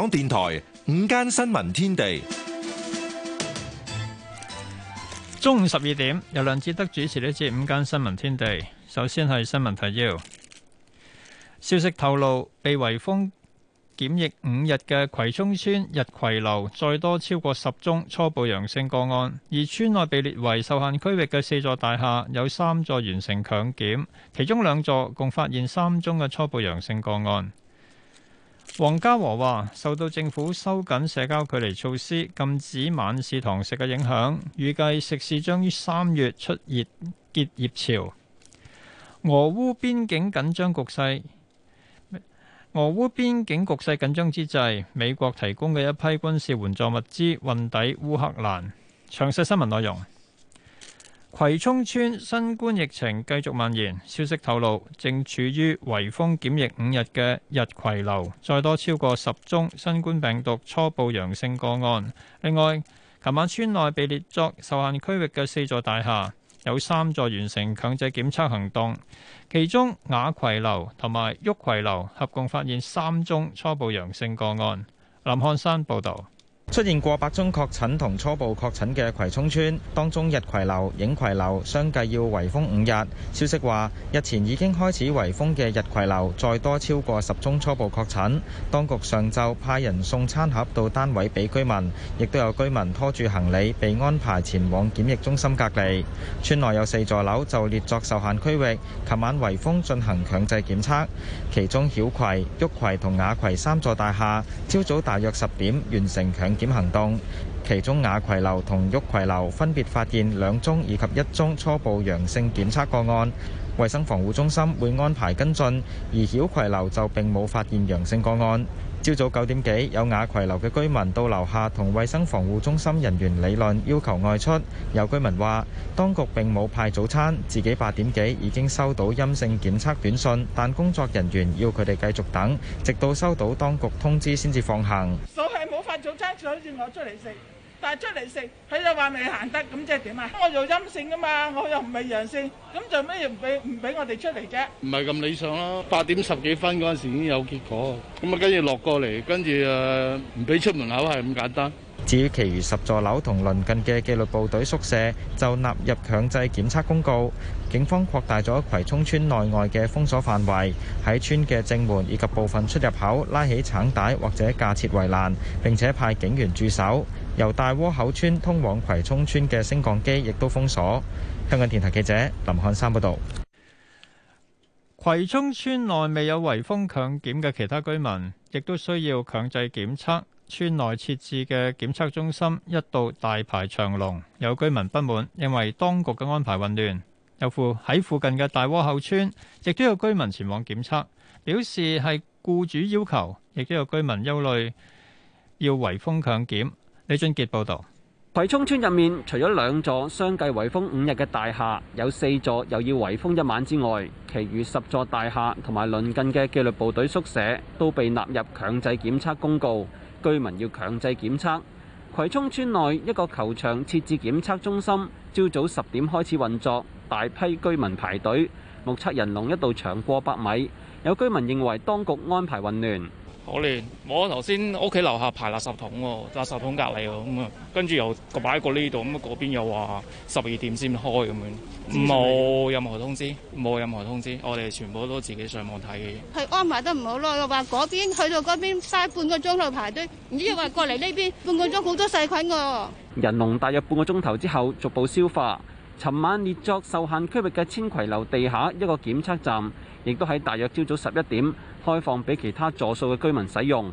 香港電台午間新聞天地，中午十二點由梁志德主持呢節午間新聞天地。首先係新聞提要。消息透露，被圍封檢疫五日嘅葵涌村日葵樓再多超過十宗初步陽性個案，而村內被列為受限區域嘅四座大廈，有三座完成強檢，其中兩座共發現三宗嘅初步陽性個案。黃家和話：受到政府收緊社交距離措施、禁止晚市堂食嘅影響，預計食肆將於三月出現結業潮。俄烏邊境緊張局勢，俄烏邊境局勢緊張之際，美國提供嘅一批軍事援助物資運抵烏克蘭。詳細新聞內容。葵涌村新冠疫情繼續蔓延，消息透露，正處於圍封檢疫五日嘅日葵樓，再多超過十宗新冠病毒初步陽性個案。另外，琴晚村內被列作受限區域嘅四座大廈有三座完成強制檢測行動，其中雅葵樓同埋旭葵樓合共發現三宗初步陽性個案。林漢山報道。出現過百宗確診同初步確診嘅葵涌村，當中日葵樓、影葵樓相繼要圍封五日。消息話，日前已經開始圍封嘅日葵樓，再多超過十宗初步確診。當局上晝派人送餐盒到單位俾居民，亦都有居民拖住行李被安排前往檢疫中心隔離。村內有四座樓就列作受限區域，琴晚圍封進行強制檢測，其中曉葵、旭葵同雅葵三座大廈，朝早大約十點完成強。檢行動，其中雅葵樓同玉葵樓分別發現兩宗以及一宗初步陽性檢測個案，衛生防護中心會安排跟進，而曉葵樓就並冇發現陽性個案。朝早九點幾，有雅葵樓嘅居民到樓下同衛生防護中心人員理論，要求外出。有居民話：當局並冇派早餐，自己八點幾已經收到陰性檢測短信，但工作人員要佢哋繼續等，直到收到當局通知先至放行。但出嚟食，佢就話未行得，咁即係點啊？我做陰性㗎嘛，我又唔係陽性，咁做咩唔俾唔俾我哋出嚟啫？唔係咁理想咯。八點十幾分嗰陣時已經有結果，咁啊，跟住落過嚟，跟住誒唔俾出門口係咁簡單。至於其餘十座樓同鄰近嘅紀律部隊宿舍就納入強制檢測公告。警方擴大咗葵涌村內外嘅封鎖範圍，喺村嘅正門以及部分出入口拉起橙帶或者架設圍欄，並且派警員駐守。由大窩口村通往葵涌村嘅升降機亦都封鎖。香港電台記者林漢山報道，葵涌村內未有圍封強檢嘅其他居民，亦都需要強制檢測。村內設置嘅檢測中心一度大排長龍，有居民不滿，認為當局嘅安排混亂。有附喺附近嘅大窩口村，亦都有居民前往檢測，表示係僱主要求，亦都有居民憂慮要圍封強檢。李俊杰報道，葵涌村入面除咗兩座相繼圍封五日嘅大廈，有四座又要圍封一晚之外，其餘十座大廈同埋鄰近嘅紀律部隊宿舍都被納入強制檢測公告，居民要強制檢測。葵涌村內一個球場設置檢測中心，朝早十點開始運作，大批居民排隊，目測人龍一度長過百米。有居民認為當局安排混亂。我哋我頭先屋企樓下排垃圾桶喎，垃圾桶隔籬咁啊，跟住又擺過呢度，咁啊嗰邊又話十二點先開咁樣，冇任何通知，冇任何通知，我哋全部都自己上網睇嘅。係安排得唔好咯，話嗰邊去到嗰邊嘥半個鐘頭排隊，唔知又話過嚟呢邊半個鐘好多細菌噶。人龍大約半個鐘頭之後逐步消化。尋晚列作受限區域嘅千葵樓地下一個檢測站，亦都喺大約朝早十一點開放俾其他座數嘅居民使用。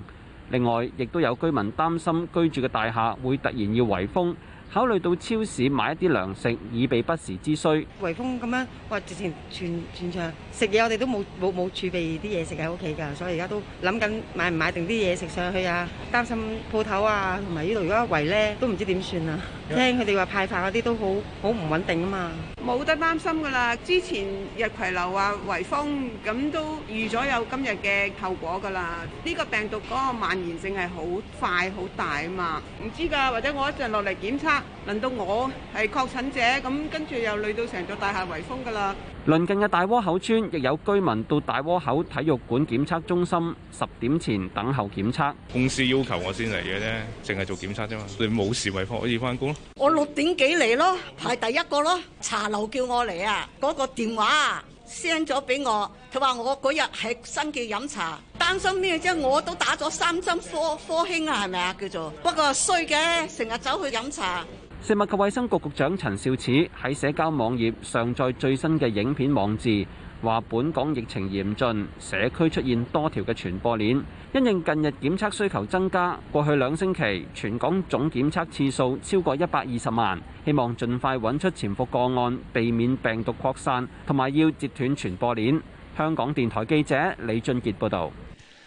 另外，亦都有居民擔心居住嘅大廈會突然要圍封。考慮到超市買一啲糧食，以備不時之需。颶風咁樣，哇！直前全全場食嘢，我哋都冇冇冇儲備啲嘢食喺屋企㗎，所以而家都諗緊買唔買定啲嘢食上去啊！擔心鋪頭啊，同埋呢度如果一颶咧，都唔知點算啊！聽佢哋話派飯嗰啲都好好唔穩定啊嘛。冇得擔心㗎啦，之前日葵流啊、颶風咁都預咗有今日嘅後果㗎啦。呢個病毒嗰個蔓延性係好快好大啊嘛，唔知㗎，或者我一陣落嚟檢測。輪到我係確診者，咁跟住又累到成座大廈圍封噶啦。鄰近嘅大窩口村亦有居民到大窩口體育館檢測中心十點前等候檢測。公司要求我先嚟嘅啫，淨係做檢測啫嘛。你冇事咪可以翻工咯。我六點幾嚟咯，排第一個咯。茶樓叫我嚟啊，嗰個電話啊。send 咗俾我，佢話我嗰日喺新記飲茶，擔心咩啫？我都打咗三針科科興啦，啊，係咪啊？叫做不過衰嘅，成日走去飲茶。食物及衞生局局長陳肇始喺社交網頁上載最新嘅影片網誌。話本港疫情嚴峻，社區出現多條嘅傳播鏈。因應近日檢測需求增加，過去兩星期全港總檢測次數超過一百二十萬。希望盡快揾出潛伏個案，避免病毒擴散，同埋要截斷傳播鏈。香港電台記者李俊傑報道：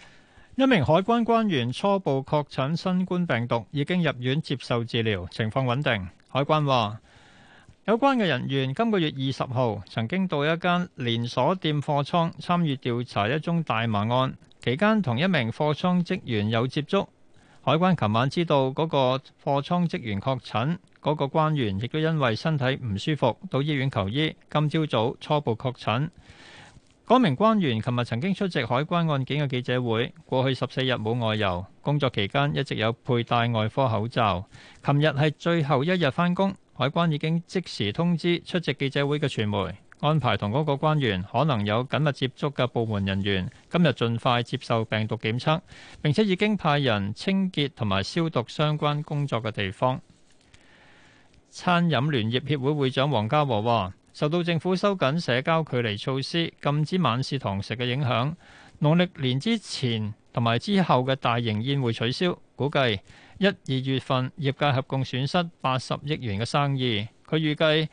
「一名海關關員初步確診新冠病毒，已經入院接受治療，情況穩定。」海關話。有關嘅人員今個月二十號曾經到一間連鎖店貨倉參與調查一宗大麻案，期間同一名貨倉職員有接觸。海關琴晚知道嗰個貨倉職員確診，嗰個官員亦都因為身體唔舒服到醫院求醫。今朝早，早初，初步確診。嗰名官員琴日曾經出席海關案件嘅記者會，過去十四日冇外遊，工作期間一直有佩戴外科口罩。琴日係最後一日返工。海關已經即時通知出席記者會嘅傳媒，安排同嗰個官員可能有緊密接觸嘅部門人員，今日盡快接受病毒檢測。並且已經派人清潔同埋消毒相關工作嘅地方。餐飲聯業協會會長黃家和話，受到政府收緊社交距離措施、禁止晚市堂食嘅影響，農曆年之前同埋之後嘅大型宴會取消，估計，一、二月份業界合共損失八十億元嘅生意。佢預計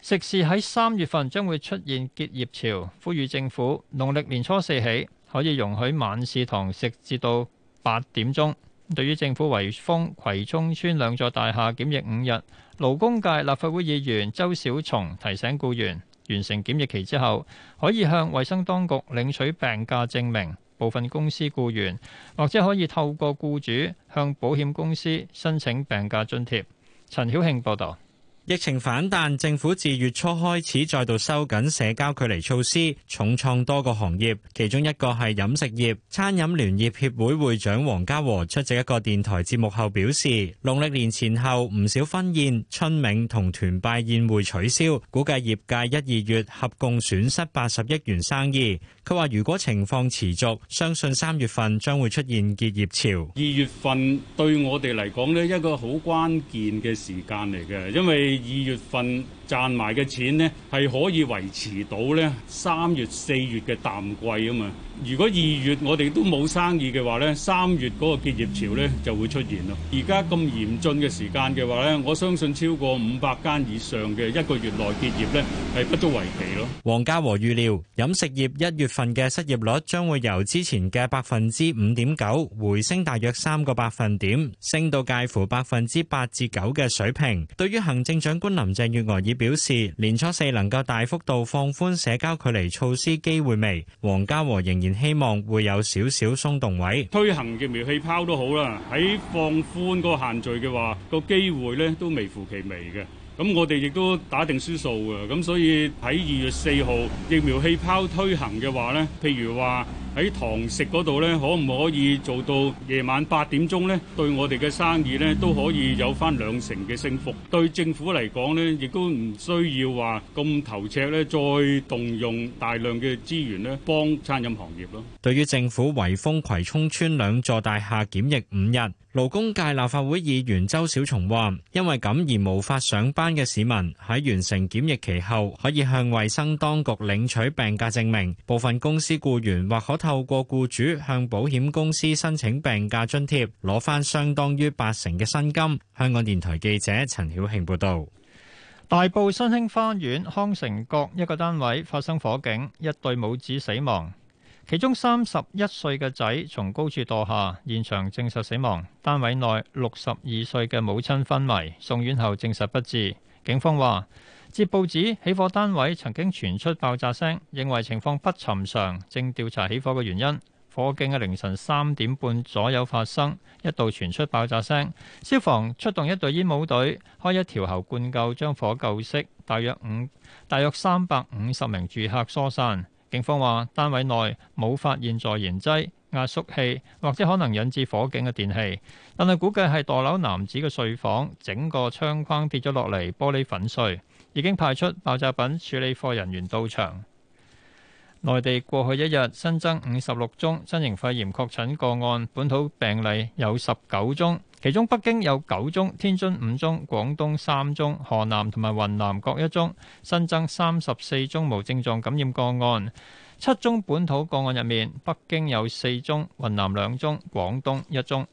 食肆喺三月份將會出現結業潮，呼籲政府農曆年初四起可以容許晚市堂食至到八點鐘。對於政府圍封葵涌村兩座大廈檢疫五日，勞工界立法會議員周小松提醒僱員，完成檢疫期之後可以向衛生當局領取病假證明。部分公司僱員，或者可以透過僱主向保險公司申請病假津貼。陳曉慶報道。疫情反彈，政府自月初開始再度收緊社交距離措施，重創多個行業。其中一個係飲食業，餐飲聯業協會會長黃家和出席一個電台節目後表示，農曆年前後唔少婚宴、春茗同團拜宴會取消，估計業界一二月合共損失八十億元生意。佢話：如果情況持續，相信三月份將會出現結業潮。二月份對我哋嚟講呢，一個好關鍵嘅時間嚟嘅，因為二月份。賺埋嘅錢呢，係可以維持到呢三月四月嘅淡季啊嘛。如果二月我哋都冇生意嘅話呢，三月嗰個結業潮呢就會出現咯。而家咁嚴峻嘅時間嘅話呢，我相信超過五百間以上嘅一個月內結業呢係不足為奇咯。黃家和預料飲食業一月份嘅失業率將會由之前嘅百分之五點九回升，大約三個百分點，升到介乎百分之八至九嘅水平。對於行政長官林鄭月娥以表示年初四能夠大幅度放寬社交距離措施機會微，黃家和仍然希望會有少少鬆動位，推行嘅疫苗氣泡都好啦，喺放寬嗰個限聚嘅話，個機會咧都微乎其微嘅。咁我哋亦都打定輸數嘅，咁所以喺二月四號疫苗氣泡推行嘅話咧，譬如話。喺堂食嗰度咧，可唔可以做到夜晚八點鐘咧？對我哋嘅生意咧，都可以有翻兩成嘅升幅。對政府嚟講咧，亦都唔需要話咁頭赤咧，再動用大量嘅資源咧，幫餐飲行業咯。對於政府圍封葵涌邨兩座大廈檢疫五日，勞工界立法會議員周小松話：因為咁而無法上班嘅市民喺完成檢疫期後，可以向衛生當局領取病假證明，部分公司僱員或可，透過僱主向保險公司申請病假津貼，攞翻相當於八成嘅薪金。香港電台記者陳曉慶報道：大埔新興花園康城角一個單位發生火警，一對母子死亡，其中三十一歲嘅仔從高處墮下，現場證實死亡；單位內六十二歲嘅母親昏迷，送院後證實不治。警方話。接報指起火單位曾經傳出爆炸聲，認為情況不尋常，正調查起火嘅原因。火警喺凌晨三點半左右發生，一度傳出爆炸聲。消防出動一隊煙帽隊，開一條喉灌救將火救熄，大約五大約三百五十名住客疏散。警方話，單位內冇發現助燃劑、壓縮器，或者可能引致火警嘅電器，但係估計係墮樓男子嘅睡房整個窗框跌咗落嚟，玻璃粉碎。已經派出爆炸品處理課人員到場。內地過去一日新增五十六宗新型肺炎確診個案，本土病例有十九宗，其中北京有九宗，天津五宗，廣東三宗，河南同埋雲南各一宗。新增三十四宗無症狀感染個案，七宗本土個案入面，北京有四宗，雲南兩宗，廣東一宗。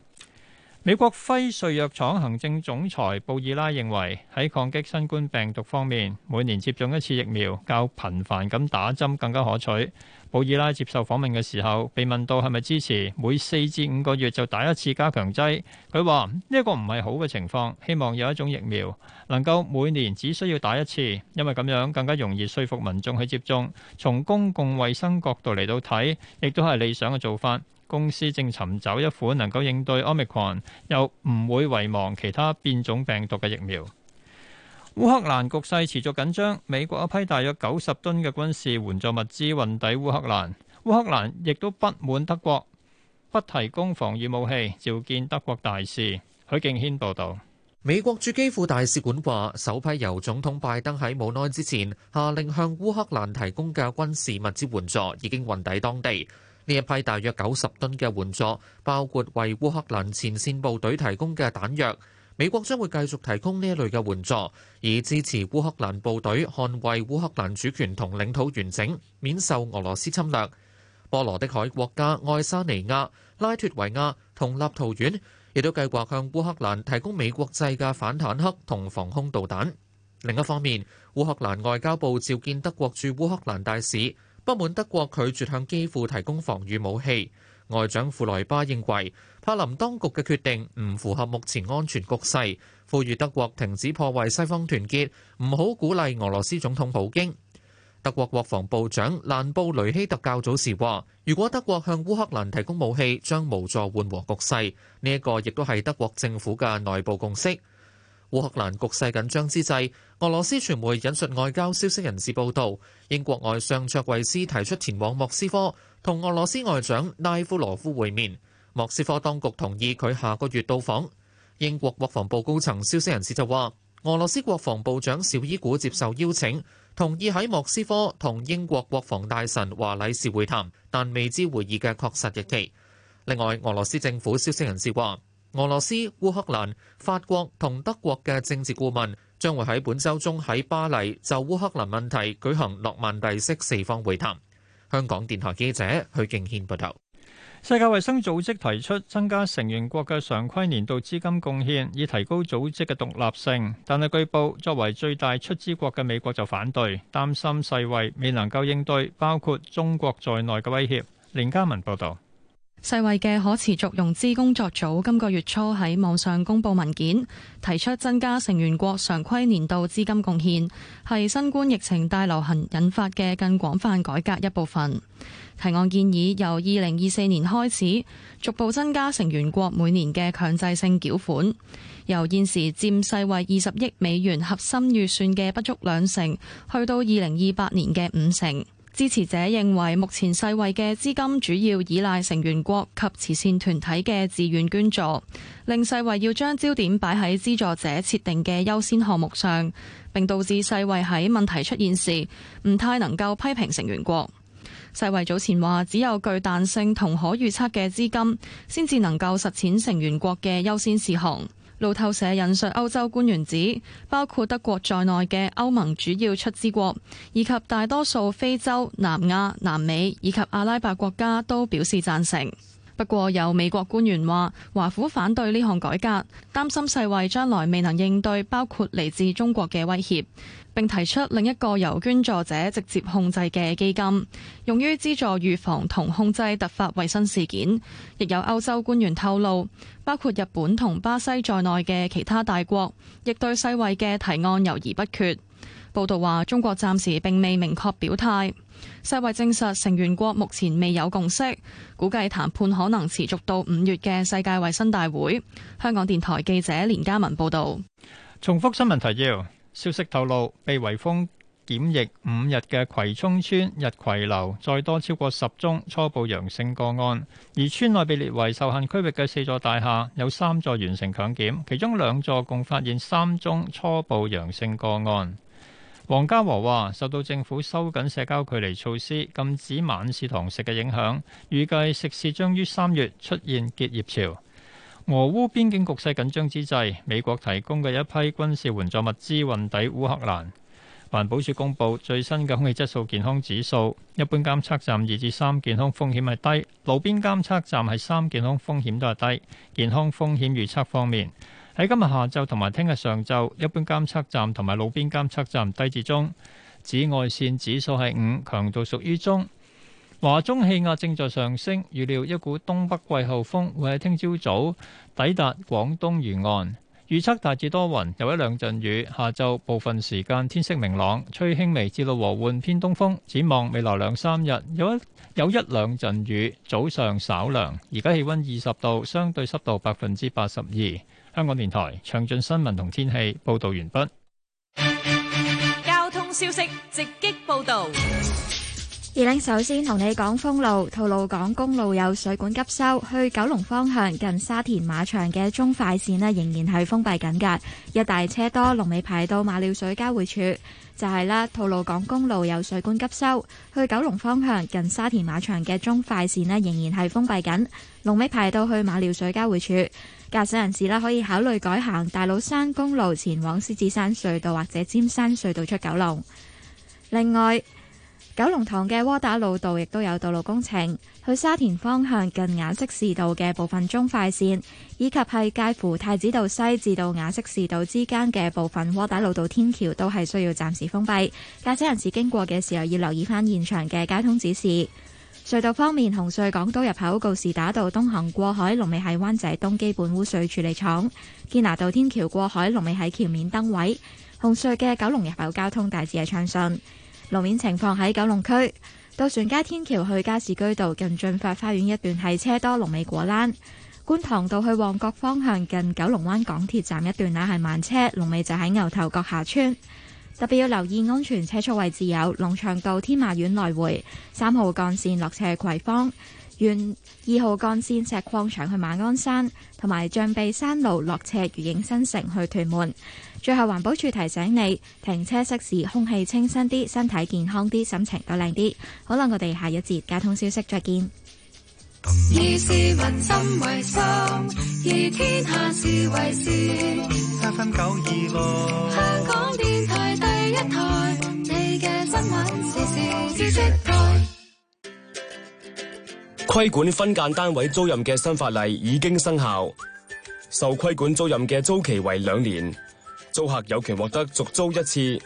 美國輝瑞藥廠行政總裁布爾拉認為，喺抗擊新冠病毒方面，每年接種一次疫苗較頻繁咁打針更加可取。布爾拉接受訪問嘅時候，被問到係咪支持每四至五個月就打一次加強劑，佢話呢個唔係好嘅情況，希望有一種疫苗能夠每年只需要打一次，因為咁樣更加容易說服民眾去接種。從公共衛生角度嚟到睇，亦都係理想嘅做法。公司正尋找一款能夠應對 Omicron 又唔會遺忘其他變種病毒嘅疫苗。烏克蘭局勢持續緊張，美國一批大約九十噸嘅軍事援助物資運抵烏克蘭。烏克蘭亦都不滿德國不提供防禦武器，召見德國大使。許敬軒報導，美國駐基輔大使館話，首批由總統拜登喺冇耐之前下令向烏克蘭提供嘅軍事物資援助已經運抵當地。呢一批大約九十噸嘅援助，包括為烏克蘭前線部隊提供嘅彈藥。美國將會繼續提供呢類嘅援助，以支持烏克蘭部隊捍衛烏克蘭主權同領土完整，免受俄羅斯侵略。波羅的海國家愛沙尼亞、拉脫維亞同立陶宛亦都計劃向烏克蘭提供美國製嘅反坦克同防空導彈。另一方面，烏克蘭外交部召見德國駐烏克蘭大使。不滿德國拒絕向基輔提供防禦武器，外長庫萊巴認為柏林當局嘅決定唔符合目前安全局勢，呼籲德國停止破壞西方團結，唔好鼓勵俄羅斯總統普京。德國國防部長蘭布雷希特較早時話，如果德國向烏克蘭提供武器，將無助緩和局勢。呢、這、一個亦都係德國政府嘅內部共識。烏克蘭局勢緊張之際，俄羅斯傳媒引述外交消息人士報道，英國外相卓維斯提出前往莫斯科同俄羅斯外長拉夫羅夫會面，莫斯科當局同意佢下個月到訪。英國國防部高層消息人士就話，俄羅斯國防部長邵伊古接受邀請，同意喺莫斯科同英國國防大臣華禮士會談，但未知會議嘅確實日期。另外，俄羅斯政府消息人士話。俄羅斯、烏克蘭、法國同德國嘅政治顧問將會喺本周中喺巴黎就烏克蘭問題舉行諾曼第式四方會談。香港電台記者許敬軒報道。世界衛生組織提出增加成員國嘅常規年度資金貢獻，以提高組織嘅獨立性，但係據報作為最大出資國嘅美國就反對，擔心世衛未能夠應對包括中國在內嘅威脅。連嘉文報道。世衛嘅可持續融資工作組今個月初喺網上公布文件，提出增加成員國常規年度資金貢獻，係新冠疫情大流行引發嘅更廣泛改革一部分。提案建議由二零二四年開始，逐步增加成員國每年嘅強制性繳款，由現時佔世衛二十億美元核心預算嘅不足兩成，去到二零二八年嘅五成。支持者認為，目前世衛嘅資金主要依賴成員國及慈善團體嘅自願捐助，令世衛要將焦點擺喺資助者設定嘅優先項目上，並導致世衛喺問題出現時唔太能夠批評成員國。世衛早前話，只有具彈性同可預測嘅資金先至能夠實踐成員國嘅優先事項。路透社引述歐洲官員指，包括德國在內嘅歐盟主要出資國，以及大多數非洲、南亞、南美以及阿拉伯國家都表示贊成。不過有美國官員話，華府反對呢項改革，擔心世衛將來未能應對包括嚟自中國嘅威脅，並提出另一個由捐助者直接控制嘅基金，用於資助預防同控制突發衛生事件。亦有歐洲官員透露，包括日本同巴西在內嘅其他大國，亦對世衛嘅提案猶疑不決。報道話，中國暫時並未明確表態。世衛證實，成員國目前未有共識，估計談判可能持續到五月嘅世界衛生大會。香港電台記者連嘉文報道。重複新聞提要：消息透露，被圍封檢疫五日嘅葵涌村逸葵樓再多超過十宗初步陽性個案，而村內被列為受限區域嘅四座大廈有三座完成強檢，其中兩座共發現三宗初步陽性個案。王家和話：受到政府收緊社交距離措施、禁止晚市堂食嘅影響，預計食肆將於三月出現結業潮。俄烏邊境局勢緊張之際，美國提供嘅一批軍事援助物資運抵烏克蘭。環保署公布最新嘅空氣質素健康指數，一般監測站二至三健康風險係低，路邊監測站係三健康風險都係低。健康風險預測方面。喺今日下晝同埋聽日上晝，一般監測站同埋路邊監測站低至中紫外線指數係五，強度屬於中。華中氣壓正在上升，預料一股東北季候風會喺聽朝早抵達廣東沿岸。預測大致多雲，有一兩陣雨。下晝部分時間天色明朗，吹輕微至到和緩偏東風。展望未來兩三日有一有一兩陣雨，早上稍涼。而家氣溫二十度，相對濕度百分之八十二。香港電台詳盡新聞同天氣報道完畢。交通消息直擊報道。而家首先同你講封路，吐露港公路有水管急修。去九龍方向近沙田馬場嘅中快線咧，仍然係封閉緊噶。一大車多，龍尾排到馬料水交匯處就係、是、啦。吐露港公路有水管急修。去九龍方向近沙田馬場嘅中快線咧，仍然係封閉緊，龍尾排到去馬料水交匯處。駕駛人士啦，可以考慮改行大老山公路前往獅子山隧道或者尖山隧道出九龍。另外，九龍塘嘅窩打老道亦都有道路工程，去沙田方向近雅息士道嘅部分中快線，以及係介乎太子道西至到雅息士道之間嘅部分窩打老道天橋都係需要暫時封閉。駕駛人士經過嘅時候要留意翻現場嘅交通指示。隧道方面，紅隧港島入口告士打道東行過海，龍尾喺灣仔東基本污水處理廠；堅拿道天橋過海，龍尾喺橋面燈位。紅隧嘅九龍入口交通大致係暢順，路面情況喺九龍區。渡船街天橋去加士居道近駿發花園一段係車多，龍尾果欄。觀塘道去旺角方向近九龍灣港鐵站一段乃係慢車，龍尾就喺牛頭角下邨。特別要留意安全車速位置有龍翔道天馬苑來回三號幹線落斜葵芳，沿二號幹線石礦場去馬鞍山，同埋象鼻山路落斜愉景新城去屯門。最後，環保處提醒你，停車熄匙，空氣清新啲，身體健康啲，心情都靚啲。好啦，我哋下一節交通消息，再見。規管分間單位租賃嘅新法例已經生效，受規管租賃嘅租期為兩年，租客有權獲得續租一次，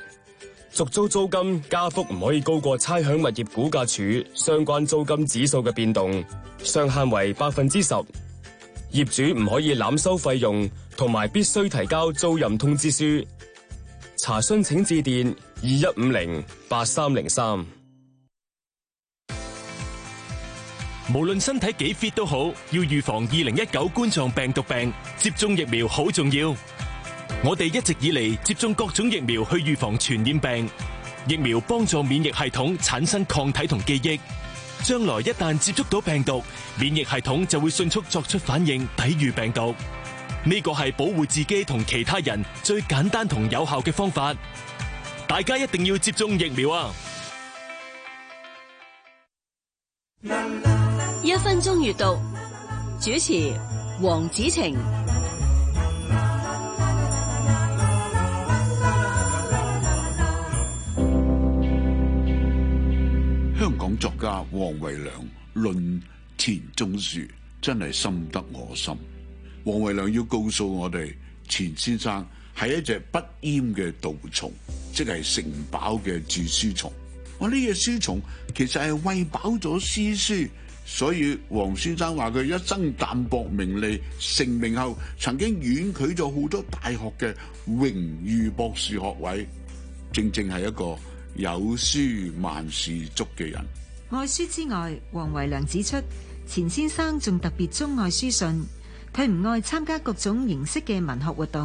續租租金加幅唔可以高過差餉物業估價署相關租金指數嘅變動，上限為百分之十，業主唔可以濫收費用，同埋必須提交租賃通知書。查詢請致電二一五零八三零三。無論身體幾 fit 都好，要預防二零一九冠狀病毒病，接種疫苗好重要。我哋一直以嚟接種各種疫苗去預防傳染病，疫苗幫助免疫系統產生抗體同記憶，將來一旦接觸到病毒，免疫系統就會迅速作出反應，抵禦病毒。呢個係保護自己同其他人最簡單同有效嘅方法，大家一定要接種疫苗啊！一分鐘閱讀，主持王子晴。香港作家黃維樑論錢鍾書，真係深得我心。黃維良要告訴我哋，錢先生係一隻不厭嘅蠹蟲，即係城堡嘅蛀書蟲。我呢隻書蟲其實係餵飽咗詩書，所以黃先生話佢一生淡薄名利，成名後曾經婉拒咗好多大學嘅榮譽博士學位，正正係一個有書萬事足嘅人。愛書之外，黃維良指出錢先生仲特別鍾愛書信。佢唔愛參加各種形式嘅文學活動。